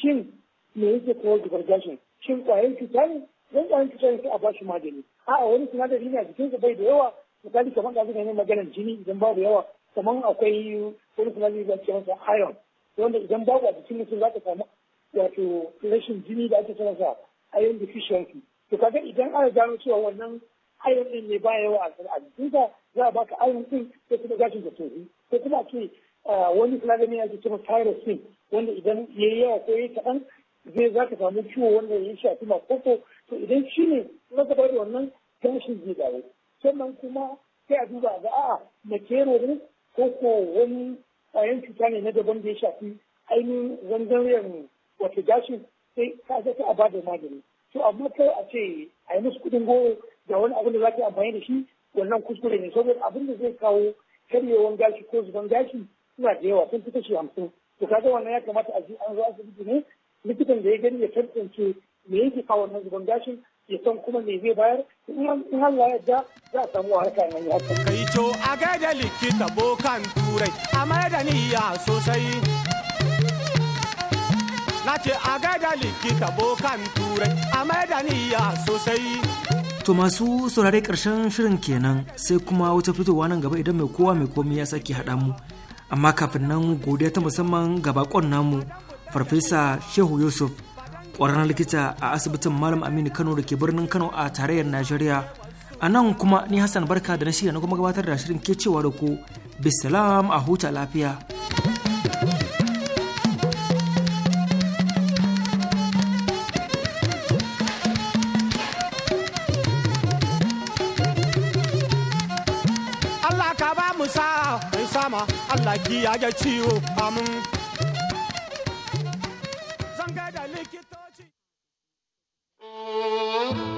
shin me yake kawar zubar gashin shin kwayan cuta ne don kwayan cuta ne sai a bashi magani a'a wani sinadari ne a jikinsa bai da yawa misali kamar da suka yi maganar jini idan babu yawa kamar akwai wani sinadari da ake masa iron wanda idan babu a jikin mutum za ka samu wato rashin jini da ake kira sa iron deficiency to kaga idan ana gano cewa wannan iron din ne baya yawa a jikinsa za a baka iron din sai kuma gashin da tofi sai kuma ce ah, wani sinadari ne ake kira thyroxine wanda idan ya yi yawa ko ya yi kaɗan zai za ka samu ciwo wanda ya shafi makoko to idan shi ne na gaba da wannan gashin zai dawo sannan kuma sai a duba ga a'a kero ne ko ko wani ƙwayan cuta ne na daban da ya shafi ainihin ne wata gashin sai ka ga a bada magani to amma kai a ce a yi musu kuɗin goro da wani abin da za ka yi amfani da shi wannan kuskure ne saboda abin da zai kawo karyewan gashi ko zuban gashi suna da yawa sun fi kashi hamsin to kaga wannan ya kamata a ji an zo asibiti ne likitan da ya gani ya tantance me yake kawo nan zuban gashin ya san kuma me zai bayar in Allah ya da za a samu harka nan ya Kai to a gaida likita bokan turai a mai da niyya sosai. Na ce a gaida likita bokan turai a mai da niyya sosai. To masu saurare ƙarshen shirin kenan sai kuma wata fitowa nan gaba idan mai kowa mai komai ya sake haɗa mu. Amma kafin nan godiya ta musamman ga bakon namu farfesa shehu yusuf ƙwararren likita a asibitin malam aminu kano da ke birnin kano a tarayyar najeriya a nan kuma ni hassan barka da na shirya na kuma gabatar da shirin ke cewa da ku bisalam a huta lafiya Allah ka ba mu sa sama Allah ki ya ciwo amin Oh.